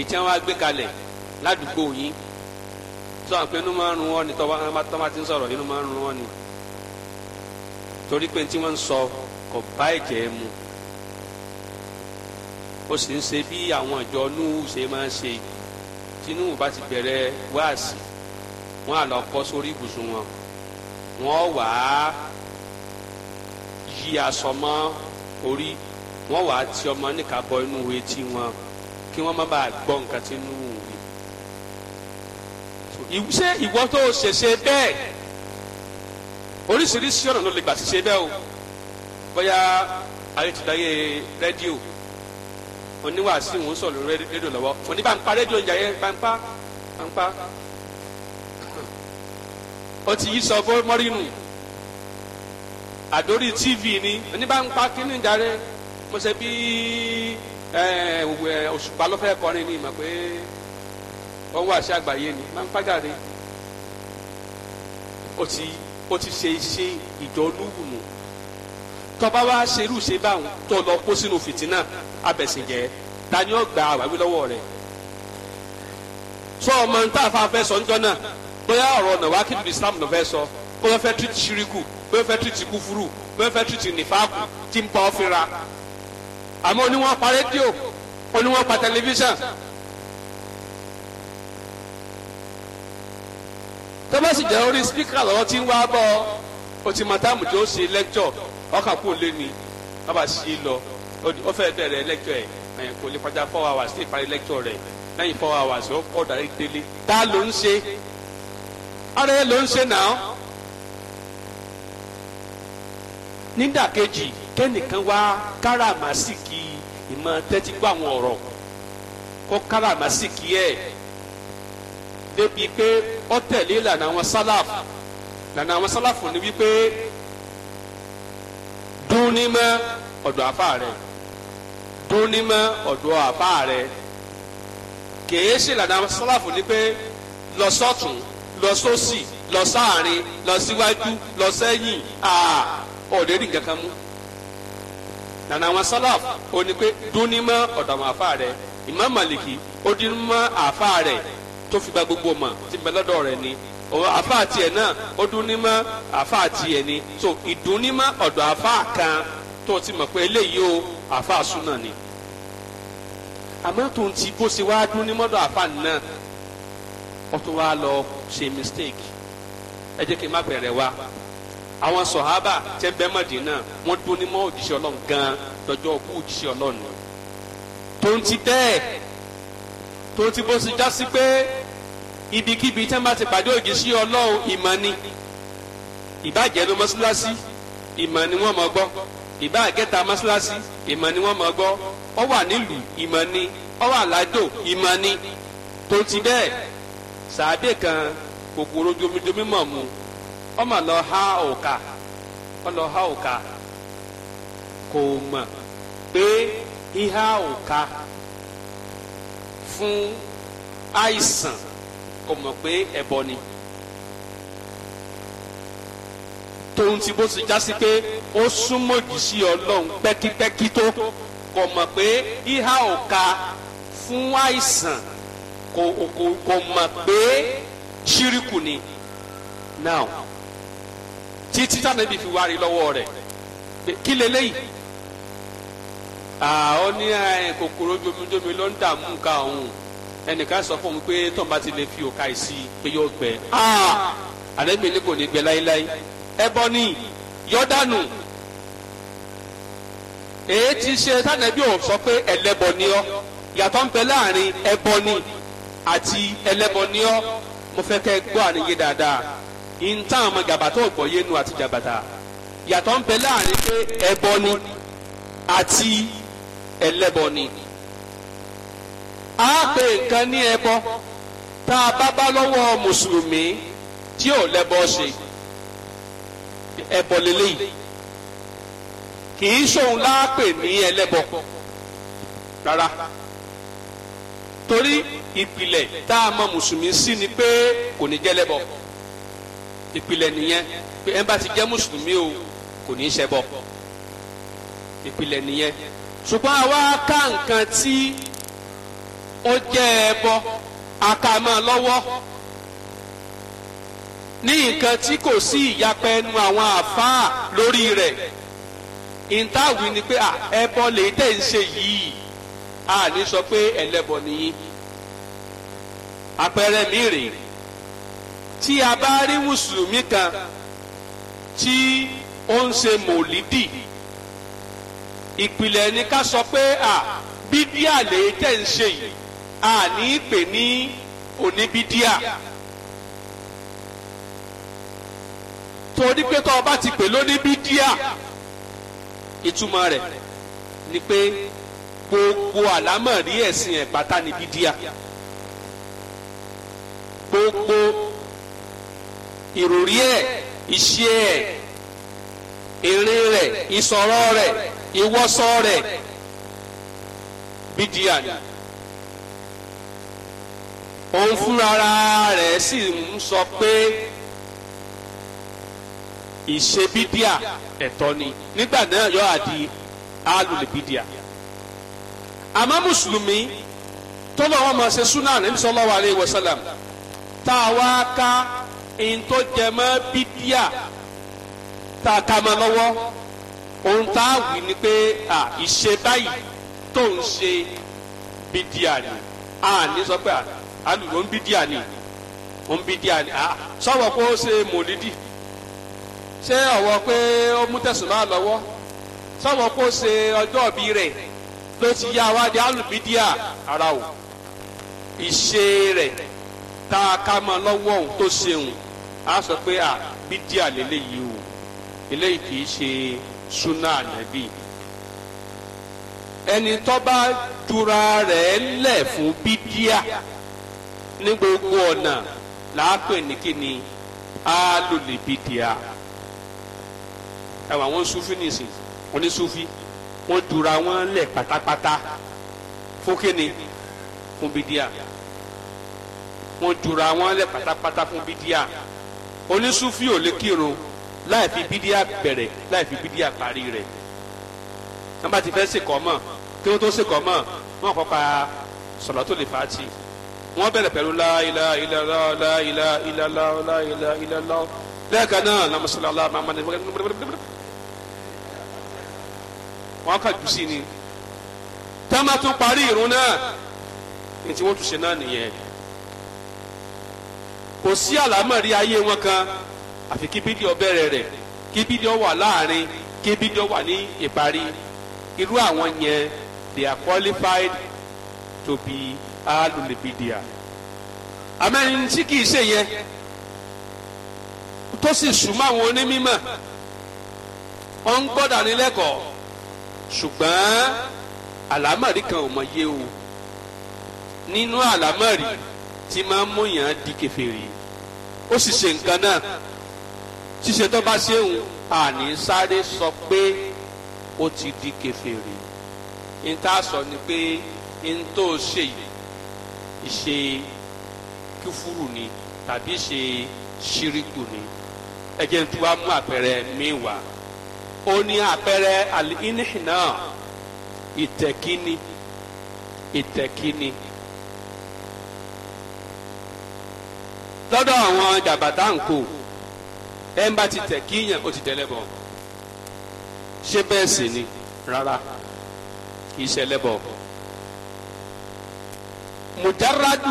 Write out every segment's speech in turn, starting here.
ìtí wọn gbé kalẹ̀ ládùúgbò yín sọ àpé inú máa ń run wọn ni tọ́ bá ti ń sọ̀rọ̀ inú máa ń run wọn ni torí pé tí wọ́n ń sọ kò bá ẹ̀jẹ̀ mu ó sì ń ṣe bí àwọn ìjọ núhù ṣe máa ń ṣe tinubu bá ti bẹ̀rẹ̀ wáàsì wọn á lọ kọ́ sórí ibùsùn wọn wọn wà á yí aṣọ mọ́ orí wọn wà á ti ọmọ níkàbọ̀ inú etí wọn kí wọ́n má bàa gbọ́ nǹkan tí inú wù wí. ṣé ìwọ tó ṣẹ̀ṣẹ̀ bẹ́ẹ̀ oríṣiríṣi ọ̀nà ló lè gbà ṣiṣẹ́ bẹ́ẹ̀ o bóyá ayé ti dáyé rédíò oníwàásù ń sọ̀rọ̀ rédíò lọ́wọ́ òní bá ń pa rédíò ń jayé bá ń pa bá ń pa ó ti yí sọ fún mọ́rínù àdórí tv ni oní bá ń pa kí ni jàre mo ṣe bíi. òṣùpá ló fẹ́ kọrin ni ìmọ̀ pé wọ́n wà sí àgbáyé ni máa ń pàjáde ó ti ó ti ṣe iṣẹ́ ìjọlúwùnú tọba wa ṣerú ṣe báwọn tó lọ kó sínú fìtínà abẹ̀sìnjẹ́ ta ni gba àwáwí lọ́wọ́ rẹ̀ sọ ọmọ nta fa fẹ́ sọ njọ́ náà bóyá ọ̀rọ̀ ọ̀nà wa kíndùn Islam ló fẹ́ sọ bóyá fẹ́ tìrìtì ṣíríkù bóyá fẹ́ tìrìtì kúfúrú bóyá fẹ́ tìrìtì tí ń pa ọ́ àmọ́ ó ní wọ́n pa rédíò ó ní wọ́n pa tẹlifíṣàn. tó bá sì jẹ́ orí spíkà lọ́wọ́ tí ń wá bọ́ ọ ti mọ táàmù tí ó ṣe lẹ́kítọ̀ ọkà kú lé ni wọ́n bá sí i lọ ó fẹ́ bẹ̀rẹ̀ lẹ́kítọ̀ ẹ̀ kò lè kọjá four hours sí ìparí lẹ́kítọ̀ rẹ̀ lẹ́yìn four hours ó kọ́ darí délé tá ló ń ṣe ara ẹ ló ń ṣe náà nídàkejì kẹ́nìkan wá káràmásìkì ìmọ̀ tẹ́tí gbọ́ àwọn ọ̀rọ̀ kó káràmásìkì ẹ̀ débi pé ó tẹ̀lé ìlànà àwọn sálàfù ìlànà àwọn sálàfù ni wípé dún ní mọ́ ọ̀dọ̀ àfa rẹ̀ dún ní mọ́ ọ̀dọ̀ àfa rẹ̀ kèé ṣe ìlànà àwọn sálàfù ni pé lọ sọ́tún lọ sósì lọ sáàrin lọ síwájú lọ sẹ́yìn ọ̀dẹ́rì nǹkan kan mú nana àwọn salaf ó ní pé dúnímọ̀ ọ̀dọ̀ àwọn àfa rẹ̀ Imam Maliki ó dín mọ́ àfa rẹ̀ tó fi gba gbogbo mọ̀ tí ń bẹ ni àfa tiẹ̀ náà ó dúnímọ̀ àfa ni so idunima ọ̀dọ̀ àfa kan tó ti mọ̀ pé eléyìí o àfa súnà ni àmọ́ tó ń ti bó ṣe wáá dún ní mọ́dọ̀ náà ó tún lọ ṣe mistake ẹ jẹ́ kí n má bẹ̀rẹ̀ wá àwọn sọ̀hábà tẹ́ ń bẹ Mádínà wọ́n dún ní mọ́ òjíṣẹ́ ọlọ́run gan dọjọ́ òkú òjíṣẹ́ ọlọ́run tó ń ti bẹ́ẹ̀ tó ti bó ti já sí pé ibikíbi tẹ́ ń bá ti pàdé òjíṣẹ́ ọlọ́run ìmọ̀ ni ìbàjẹ́ ló mọ́sálásí ìmọ̀ ni wọ́n mọ̀ gbọ́ ìbá àgẹ́ta ìmọ̀ ni wọ́n mọ̀ gbọ́ ọ wà nílùú ìmọ̀ ni ọ wà ládò ìmọ̀ ni tó ti bẹ́ẹ̀ sàádé kan kòkòrò jomijomi ọmọ lọ ha òkà ọlọ ha òkà kò mọ̀ pé ihá òkà fún àìsàn kò mọ̀ pé ẹbọ ni tóun ti bó ti jásí pé ó súnmọ́ òjìṣí ọlọ́run pẹ́kípẹ́kí tó kò mọ̀ pé ihá òkà fún àìsàn kò kò kò mọ̀ pé ṣíríkù ni now títí tànàbí fi wárí lọ́wọ́ rẹ̀ kí leléyìí ó ní kòkòrò jomijomi ló ń dààmú nǹkan ọ̀hún ẹnìkan sọ fún mi pé tó ń bá ti lè fi òka yìí sí pé yóò gbẹ ànàbí ni kò ní gbẹ láéláé ẹbọ ni yọdánù èyí ti ṣe tànàbí ò sọ pé ẹlẹ́bọ ni ọ́ yàtọ̀ ń bẹ láàrin ẹbọ ni àti ẹlẹ́bọ ni ọ́ mo fẹ́ kẹ́ gbọ́ àníyé dáadáa ìntàn àmọ́ gàbàtà ògbọ́yé nu àti jàbàtà yàtọ̀ ń bẹ láàrin pé ẹbọ ni àti ẹlẹ́bọ ni a pè nǹkan ní ẹbọ tá a bá bá lọ́wọ́ mùsùlùmí tí ò lẹ́bọ ṣe ẹbọ lélẹ́yìí kì í ṣòun láàpè ní ẹlẹ́bọ rárá torí ìpìlẹ̀ tá a mọ mùsùlùmí sí ni pé kò ní jẹ́lẹ́bọ ìpìlẹ̀ nìyẹn pé ẹ bá ti jẹ́ mùsùlùmí o kò ní í ṣẹbọ ìpìlẹ̀ nìyẹn ṣùgbọ́n àwa ká nǹkan tí ó jẹ́ ẹbọ aka máa lọ́wọ́ ní nǹkan tí kò sí ìyapẹ́ ẹnu àwọn àfáà lórí rẹ̀ ìntàwí ni pé ẹbọ lè tẹ̀ ń ṣe yìí a ní sọ pé ẹlẹ́bọ nìyí àpẹẹrẹ mi rèé tí a bá rí mùsùlùmí kan tí ó ń ṣe mòlídì ìpìlẹ̀ ni ká sọ pé à bídíà lè tẹ̀ ń ṣe yìí a ní í pè ní oníbídíà torí pé tó o bá ti pè lóníbídíà ìtumọ̀ rẹ̀ ni pé gbogbo àlámọ̀rí ẹ̀sìn ẹ̀ pátá ni bídíà gbogbo ìròrí ẹ̀ iṣẹ́ ẹ̀ eré rẹ̀ ìsọ̀rọ̀ rẹ̀ ìwọṣọ rẹ̀ bídíà ni òun fúnra rẹ̀ sì ń sọ pé ìṣe bídíà ẹ̀tọ́ ni nígbà náà yọ àdí alùlẹ̀ bídíà àmọ́ mùsùlùmí tó máa ṣe súnà Ànábì sallallahu alaihi wasallam tá a wá ká ntọ́ jẹmọ́ bídíà tá a ká ma lọ́wọ́ ohun tá a ni pé à ìṣe báyìí tó ń ṣe bídíà ni a ní sọ pé alùpùpù ń bídíà ni ń bídíà ni a sọ̀rọ̀ kó o ṣe mòlídì ṣé ọ̀wọ́ pé ó mú tẹ̀sùn máa lọ́wọ́ sọ̀rọ̀ kó o ṣe ọjọ́ òbí rẹ̀ ló ti yá wa di alùbídíà ara o ìṣe rẹ̀ tá a ká ohun tó ṣe ohun a sọ pé a bídíà lélẹ́yìí o eléyìí kì í ṣe súnà ànábì ẹni tó bá jura rẹ̀ lẹ̀ fún bídíà ní gbogbo ọ̀nà làápè ní kíni alòlè bídíà ẹwà wọn sufi nìsín wọn ní sufi wọn jura wọn lẹ̀ pátápátá fún kíni fún bídíà wọn jura wọn lẹ̀ pátápátá fún bídíà onísúfì ò lè kírun láì fi bídíà bẹ̀rẹ̀ láì fi bídíà parí rẹ̀ nígbà tí fẹ́ sèkọ́ mọ̀ kí wọ́n tó sèkọ́ mọ̀ wọ́n kọ́ pa sọ̀látùl fàtì wọ́n bẹ̀rẹ̀ pẹ̀lú láìlá ìlàlá láìlá ìlàlá láìlá ìlàlá lẹ́ẹ̀kan náà lamusalala mamadu wọ́n kà jù sí ni tá a máa tún parí ìrun náà ètí wọ́n tún ṣe náà nìyẹn kò sí àlámọ̀rí ayé wọn kan àfi kí bídíò bẹ̀rẹ̀ rẹ̀ kí bídíò wà láàrin kí bídíò wà ní ìparí irú àwọn yẹn they are qualified to be alulibidia amẹ́rin tí kìí ṣe yẹn tó sì súnmọ́ àwọn onímọ̀ wọ́n ń gbọ́dọ̀ nílẹ́kọ̀ọ́ ṣùgbọ́n àlámọ̀rí kan ò mọ̀ yé o nínú àlámọ̀rí tí máa ń mú yàn di kèfèrí ó sì ṣe nǹkan náà ṣíṣe tó bá ṣe ń àní sáré sọ pé ó ti di kèfèrí n tá sọ ni pé n tó ṣe ìṣe kúfúrú ni tàbí ṣe ṣíríkù ni ẹ tí wàá mú àpẹẹrẹ mi wá ó ní àpẹẹrẹ àlìhínà ìtẹ̀kíní ìtẹ̀kíní. lọ́dọ̀ àwọn jàbàtà ńkò ẹ̀ ń bá ti tẹ̀ kíyàn ó ti tẹ̀lẹ́ ṣé bẹ́ẹ̀ sì ni rárá kì í ṣẹlẹ̀ bọ̀ mujarradu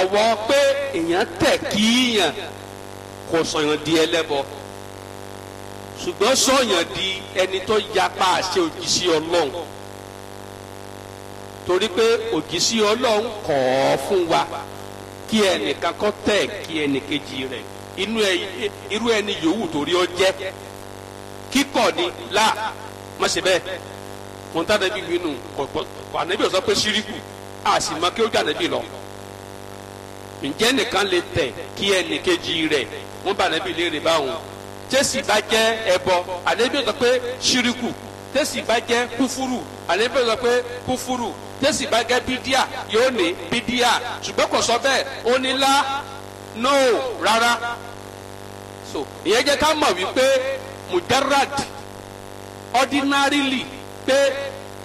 ọ̀wọ́ pé èèyàn tẹ̀ kíyàn kò sọ̀yàn di ẹlẹ́bọ ṣùgbọ́n sọ̀yàn di ẹni tó yapa àṣẹ òjíṣẹ́ ọlọ́run torí pé òjíṣẹ́ ọlọ́run kọ̀ ọ́ fún wa kí ẹnìkan kọ́ tẹ̀ kí ẹnìkejì rẹ̀ inú ẹ irú ẹni yòówù torí ọ jẹ́ kíkọ̀ ni la má ṣe bẹ́ẹ̀ mo ń tá ànábì kọ̀pọ̀ ànábì ọ̀sán pé síríkù a sì mọ kí ó jà ànábì lọ ǹjẹ́ nìkan lè tẹ̀ kí ẹnìkejì rẹ̀ wọ́n bá ànábì léèrè báwọn jésì bá jẹ́ ẹbọ ànábì ọ̀sán pé síríkù tẹ́sì bá jẹ́ kúfúrù àlébẹ̀ sọ pé kúfúrù tẹ́sì bá jẹ́ bídíà yóò ní bídíà ṣùgbọ́n kò sọ bẹ́ẹ̀ ó ní lá no rárá so ìyẹn jẹ́ ká mọ̀ wípé mujarrad ordinarily pé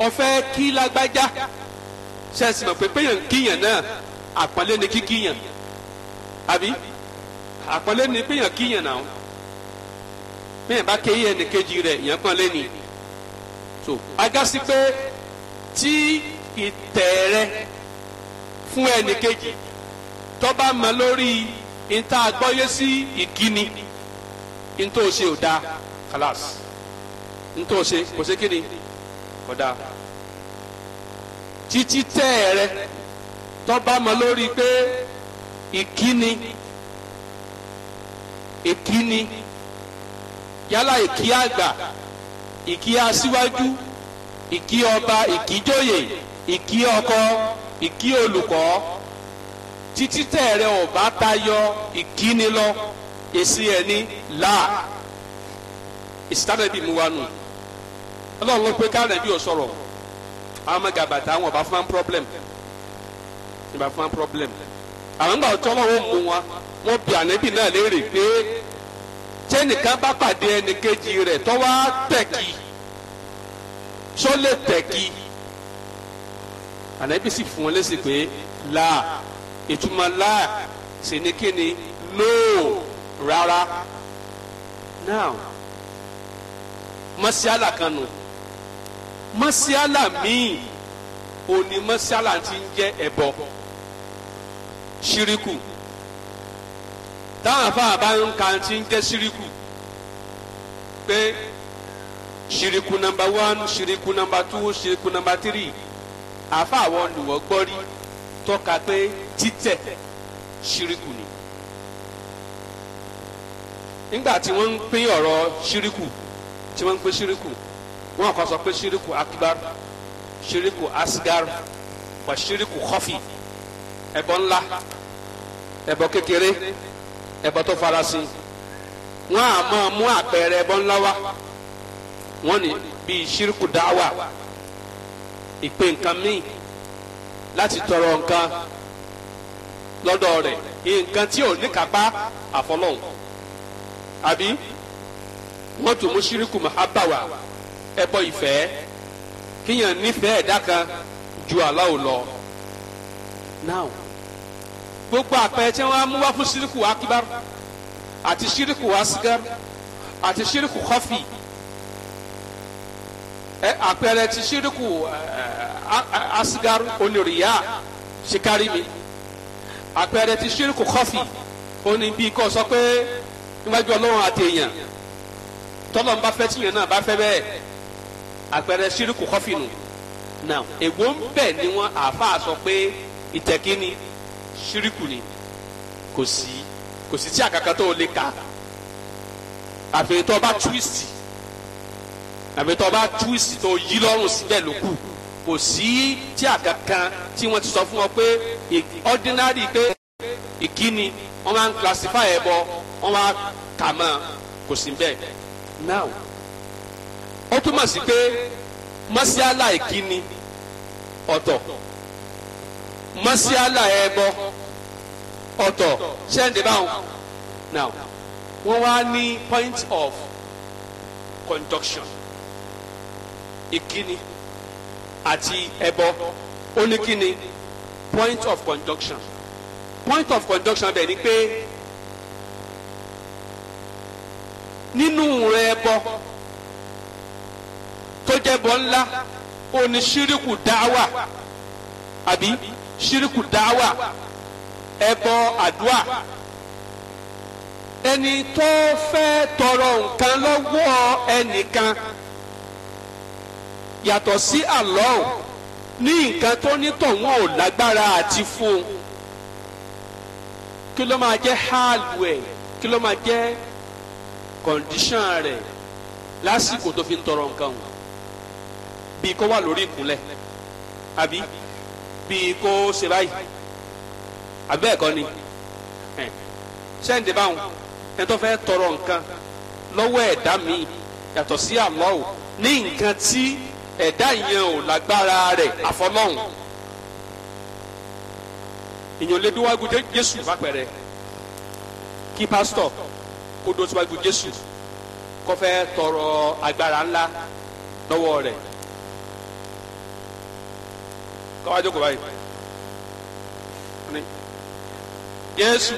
ọ̀fẹ́ kí lágbájá sẹ́sì mọ̀ pé péyàn kíyàn náà àpọ́nlé ni kíkíyàn àbí àpọ́nlé ni péyàn kíyàn náà péyàn bá kéyàn ẹnìkejì rẹ̀ ìyẹn pọ́nlé ni so agasi pé tí ìtẹ̀ rẹ fún ẹnìkejì tọ́ba mọ lórí níta gbọ́yé sí ìkíni níta ò ṣe ò dáa kalas níta ò ṣe kò ṣe kíni kò dáa títí rẹ tọ́ba mọ lórí pé ìkíni ìkíni yálà ìkí àgbà ìkí aṣíwájú ìkí ọba ìkíjòyè ìkí ọkọ ìkí olùkọ́ títí tẹ̀rẹ̀ ò bá tayọ ìkíni lọ èsì ẹ̀ ní láà ìsítárẹ̀bì mú wa nù ọlọ́run ló pé kárẹ̀bì ò sọ̀rọ̀ àwọn ọmọ gàbàtà àwọn ọba fún wa problem ìbá fún wa problem àwọn gbà tó ọlọ́run mú wa wọ́n bí ànẹ́bì náà léèrè pé tẹnìkan bá pàdé ẹnìkejì rẹ̀ tó wá tẹ̀kì tó lè tẹ̀kì ànábì sì fún wọn lésì pé láà ìtumọ̀ láà sì ní kí ni lóò rárá now masiala kan masiala mọ́síálà míì òní mọ́síálà ti ń jẹ́ ẹbọ ṣíríkù. E táwọn afáà bá ń ka ti ń jẹ́ síríkù pé síríkù nàmbà wán síríkù nàmbà tú síríkù nàmbà tírì àfáà wọn lùwọ́ gbọ́rí tọ́ka pé títẹ̀ síríkù ni nígbà tí wọ́n ń pín ọ̀rọ̀ ṣíríkù tí wọ́n ń pín ṣíríkù wọ́n kọ́ sọ pé ṣíríkù akbar ṣíríkù asgar wà ṣíríkù khafi ẹbọ ńlá ẹbọ kékeré ẹbọ tó farasin wọn a máa mú àpẹẹrẹ ẹbọ ńlá wá wọn ni bíi ṣírkù dáwà ìpè nǹkan míì láti tọrọ nǹkan lọ́dọ̀ rẹ̀ nǹkan tí ò ní kápá àfọlọ́hùn àbí wọ́n tún mú ṣírkù mahaba ẹbọ ìfẹ́ kíyàn nífẹ̀ẹ́ ẹ̀dá kan ju aláwo lọ now gbogbo àpẹẹrẹ tí wọ́n á mú wá fún ṣíríkù akíbar àti ṣíríkù asgar àti ṣíríkù khafi ẹ àpẹẹrẹ ti ṣíríkù asgar onírìyà ṣìkárí mi àpẹẹrẹ ti ṣíríkù khafi oní bíi kọ́ sọ pé níwájú ọlọ́run àti èèyàn tọ́lọ̀ ń bá fẹ́ tìyẹn náà bá fẹ́ bẹ́ẹ̀ àpẹẹrẹ ṣíríkù khafi nù náà èwo ń bẹ̀ ni wọ́n àáfàá sọ pé ìtẹ̀kíni ṣíríkù ni kò sí kò sí tí àkàkà tó lè ka àfi tó bá túwìsì àfi tó bá túwìsì tó yí lọ́rùn síbẹ̀ ló kù kò sí tí àkàkà tí wọ́n ti sọ fún wọn pé ordinary pé ìkíni wọ́n máa ń classify ẹ̀ bọ wọ́n máa kà mọ́ kò sí bẹ́ẹ̀ now ó túmọ̀ sí pé mọ́síálà ìkíni ọ̀tọ̀ masiala ẹbọ ọ̀tọ̀ sẹńdẹ báwọn now wọn wá ní point of conduction ìkíni àti ẹbọ oníkíni point of conduction point of conduction bẹ́ẹ̀ ni pé nínú rẹ ẹbọ tó jẹ́ bọ́ ńlá oníṣíríkù dáwà àbí? ṣírìkù dáwà ẹbọ àdúà ẹni tó fẹ́ tọrọ nǹkan lọ́wọ́ ẹnìkan yàtọ̀ sí Allah ní nǹkan tó nítọ̀hún ò lágbára àti fún un kí ló máa jẹ́ haalu ẹ̀ kí ló máa jẹ́ kọ̀ǹdíṣàn rẹ̀ lásìkò tó fi ń tọrọ nǹkan wọn bí kó wà lórí ìkúnlẹ̀ àbí. àbí bíi kó ṣe báyìí àbí bẹ́ẹ̀ kọ́ ni ṣẹ́ǹdé báwọn ẹni tó fẹ́ tọrọ nǹkan lọ́wọ́ ẹ̀dá mi yàtọ̀ sí Allah ní nǹkan tí ẹ̀dá yẹn ò lágbára rẹ̀ àfọlọ́hùn èèyàn lè dúwájú Jésù lápẹ̀rẹ̀ kí pásítọ̀ kó dó síwájú Jésù kó fẹ́ tọrọ agbára ńlá lọ́wọ́ rẹ̀ káwá jókòó báyìí ni Jésù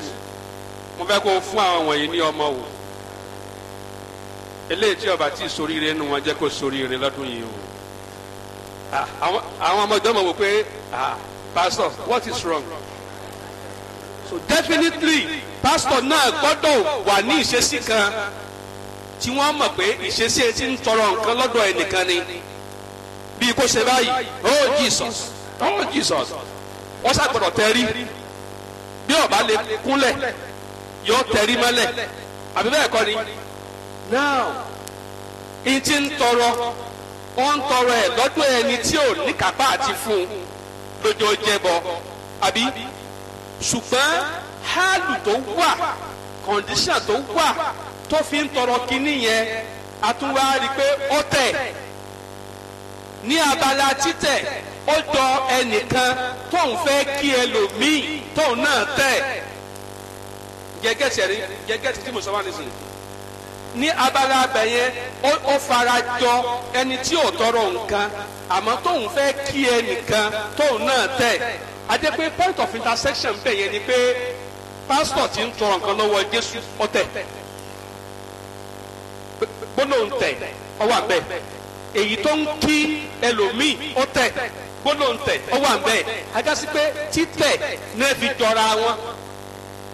mo fẹ́ kó o fún àwọn wọ̀nyí ní ọmọ wò eléyìí tí ọba tí ì soríire nu wọn jẹ́ kó soríire lọ́dún yìí o àwọn ọmọ ìjọba wò pé pastor what is wrong so definitely pastor náà gbọ́dọ̀ wà ní ìṣesí kan tí wọ́n mọ̀ pé ìṣesí etí ń tọrọ nǹkan lọ́dọ̀ ẹnìkan ni bí kò ṣe báyìí oh Jesus oh jesus wọ́n ṣàgbọ́dọ̀ tẹrí bí ọba lè kúnlẹ̀ yóò tẹrí mọ́lẹ̀ àbí bẹ́ẹ̀ kọ́ ni now n ti ń tọrọ ó ń tọrọ ẹ̀ lọ́dọ̀ ẹni tí ò ní kápá àti fún un lójó jẹbọ àbí ṣùgbọ́n hálù tó wà kọ̀ǹdíṣàn tó wà tó fi ń tọrọ kínní yẹn a tún wá rí i pé ó tẹ̀ ní abala títẹ̀ ó jọ ẹnìkan tóun fẹ́ kí ẹlòmíì tóun náà tẹ̀ gẹ́gẹ́sì rí gẹ́gẹ́sì tí mo sọ wá nísìnyí ní abala abẹ yẹn ó fara jọ ẹni tí ò tọrọ nǹkan àmọ́ tóun fẹ́ kí ẹnìkan tóun náà tẹ̀ adé point of intersection bẹ̀ yẹn ni pé pásítọ̀ ti ń tọrọ nǹkan lọ́wọ́ Jésù ọ̀tẹ̀ gbólóhùn tẹ̀ ọwọ́ àbẹ̀ èyí tó ń kí ẹlòmíì ọ̀tẹ̀ gbólóhùn tẹ̀ ó wà nbẹ̀ ajásí pé títẹ̀ náà fi jọra wọn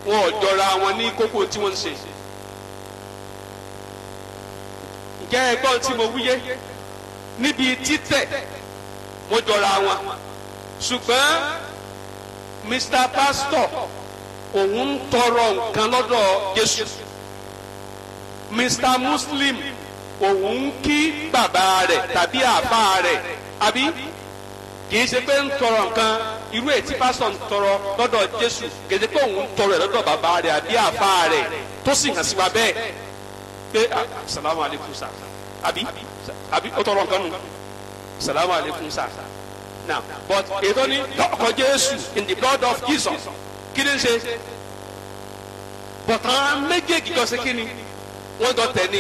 wọn ò jọra wọn ní kókó tí wọ́n ń ṣe. ǹjẹ́ ẹgbọ́n tí mo wúyé níbi títẹ̀ mo jọra wọn ṣùgbọ́n Mr. Pastor òun ń tọrọ nǹkan lọ́dọ̀ Jésù Mr. Muslim òun ń kí bàbá rẹ̀ tàbí àbá rẹ̀ àbí kì í ṣe pé ń tọrọ nǹkan irú ètí pásítọ̀ ń tọrọ lọ́dọ̀ Jésù gèdè pé òun ń tọrọ ẹ̀ lọ́dọ̀ bàbá rẹ̀ àbí àfa rẹ̀ tó sì hàn sí bẹ́ẹ̀ pé salamu aleykum sa àbí àbí ó tọrọ nǹkan nù salamu aleykum sa now but ètò ní tọkọ Jésù in the blood of Jesus kí ni ṣe bọ̀tán méjèèjì jọ sí kí ni wọ́n jọ tẹ̀ ni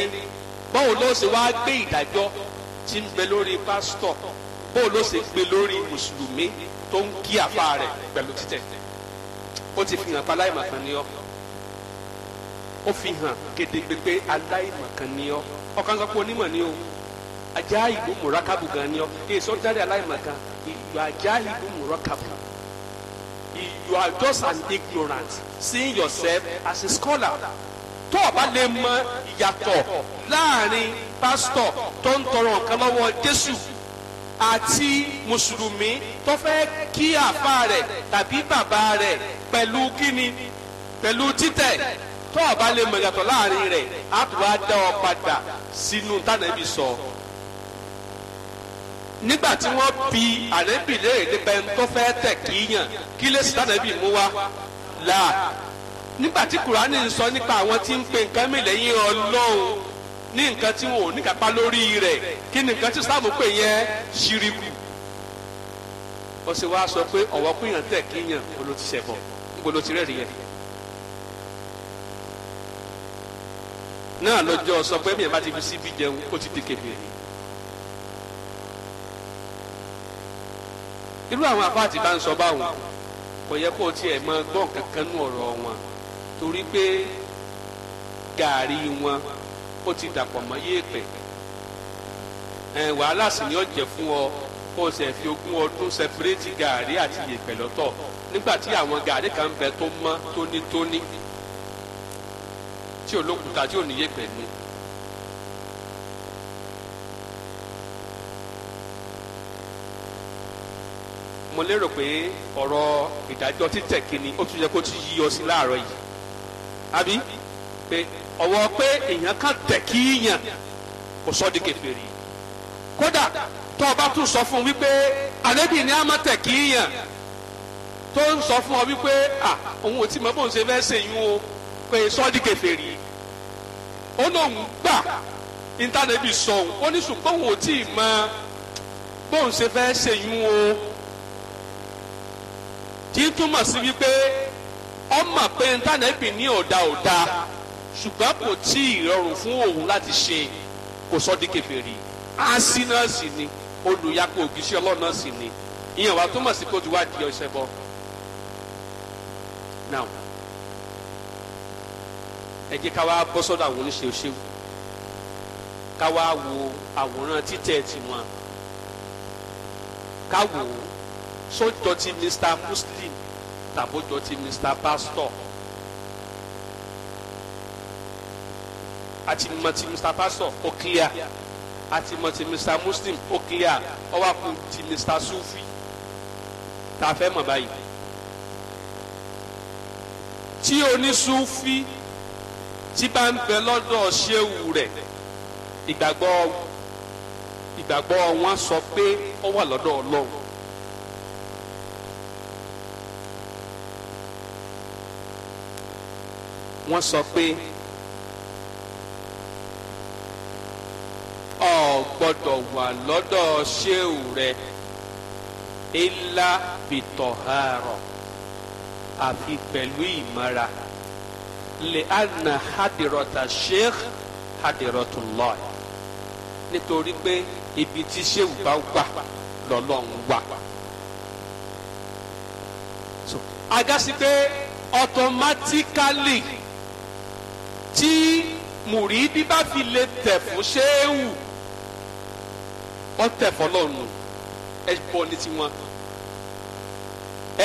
báwo ló ṣe wá gbé ìdájọ́ tí ń bẹ lórí pásítọ̀ bó ló ṣe gbé lórí mùsùlùmí tó ń kí àfa rẹ̀ pẹ̀lú títẹ̀ ó ti fi hàn pa aláìmọ̀kan ni ọ́ ó fi hàn kedegbe pé aláìmọ̀kan ni ọ́ ọkàn sọ pé onímọ̀ ni o ajá ìlú mùrákàbù gan ni ọ́ èso dárí aláìmọ̀kan ìlú ajá ìlú mùrákàbù you are just an ignorant seeing yourself as a scholar tó o bá lè mọ ìyàtọ̀ láàrin pásítọ̀ tó ń tọrọ nǹkan lọ́wọ́ Jésù àti mùsùlùmí tó fẹ́ kí àfa rẹ̀ tàbí bàbá rẹ̀ pẹ̀lú kíni pẹ̀lú títẹ̀ tó ọba lè mọ̀ ìyàtọ̀ láàrin rẹ̀ á tún wá dá ọ padà sínú tànàbí sọ. nígbà tí wọ́n bi ànábì léèrè nípa ẹni tó fẹ́ tẹ̀ kíyàn kí lè sí tànàbí mú wá là nígbà tí kùránì ń sọ nípa àwọn tí ń pe nǹkan mi Ọlọ́run ní nǹkan tí wọn ò ní kápá lórí rẹ̀ kí ni nǹkan tí islam pè yẹn ṣíríkù ó sì wáá sọ pé ọ̀wọ́ kúnyàn tẹ̀ kíyàn olo ti ṣẹ̀bọ̀ níbo ló ti rẹ́rìí yẹn. náà lọ́jọ́ sọ pé mi ẹ̀ bá ti fi síbi jẹun ó ti di kébìrì. irú àwọn àfáàtì bá ń sọ báwọn kò yẹ kó tiẹ̀ mọ gbọ́n kankan nú ọ̀rọ̀ wọn torí pé gàárì wọn ó ti dàpọ̀ mọ́ yéèpẹ̀ ẹ̀ wàhálà sì ni ó jẹ́ fún ọ kó o sì fi ogún ọdún sẹpẹrẹtì gàárì àti yèèpẹ̀ lọ́tọ̀ nígbà tí àwọn gàárì kan bẹ tó mọ́ tónítóní tí olókùúta tí ò ní yèèpẹ̀ ni. mo lérò pé ọ̀rọ̀ ìdájọ́ títẹ̀ kìíní ó tún yẹ kó tún yí ọ sí láàárọ̀ yìí àbí pé ọwọ́ pé èèyàn kan tẹ̀ kí yàn kò sọ́ di kèfèrí kódà tó o bá tún sọ fún un wípé àlébì ni a máa tẹ̀ kí yàn tó ń sọ fún ọ wípé à òun ò tí mọ bóun ṣe fẹ́ ṣèyún o pé sọ́ di kèfèrí ó lóun gbà intanẹ́bì sọ òun ó ní ṣùgbọ́n òun ò tí mọ bóun ṣe fẹ́ ṣèyún o tí túmọ̀ sí wípé ọmọ pé intanẹ́bì ní ọ̀dà ọ̀dà ṣùgbọ́n kò tí ì rọrùn fún òun láti ṣe kò sọ di kèfèrí àásí náà sì ni olùyàpò ògìṣẹ́ ọlọ́run náà sì ni ìyẹn wàá túmọ̀ sí kó ti wá di ọ̀sẹ̀ bọ́. now ẹ jẹ́ ká wá bọ́ sọ́dọ̀ àwọn oníṣẹ́ṣẹ́ ká wá wo àwòrán títẹ̀ tiwọn ká wò ó sójọ́ ti Mr Muslim tàbójọ́ ti Mr Pastor. Ati mọ̀tì mr pastor ó clear àti mọ̀tì mr muslim ó clear ó wá ti mr sufi tá a fẹ́ mọ̀ báyìí. tí onísúfí tí bá ń bẹ lọ́dọ̀ ṣéwù rẹ̀ ìgbàgbọ́ ìgbàgbọ́ wọn sọ pé ó wà lọ́dọ̀ ọlọ́run. wọ́n sọ pé. wà lọ́dọ̀ ṣéwù rẹ ilá bìtọ̀hárọ̀ àfi pẹ̀lú ìmọ̀ra lè àna hadirọ̀tà sheikh hadirọ̀tùlọ́ nítorí pé ibi tí ṣéwù bá wà lọ́lọ́run wà. agasi pé ọ̀tọ̀mátíkálì tí mùrídìí bá fi lè tẹ̀ fún ṣéwù ọ̀tẹ̀ fọlọ́ọ̀nù ẹbọ ní tiwọn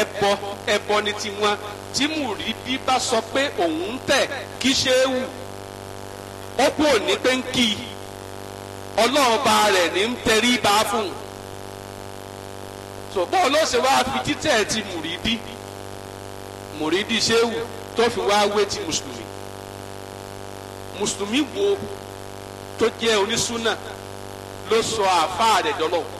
ẹbọ ẹbọ ní tiwọn tí mùrídì bá sọ pé òun ń kí ṣe é wù ó kú òní pé ń kí i ọlọ́run ba rẹ̀ ní ń tẹrí ba fún un ṣùgbọ́n olóṣèlú wa fi títẹ̀ ti mùrídì mùrídì ṣe é wù tó fi wá wé ti mùsùlùmí mùsùlùmí wo tó jẹ́ onísúnà ló sọ àfáà rẹ̀ dọ́lọ́wọ́.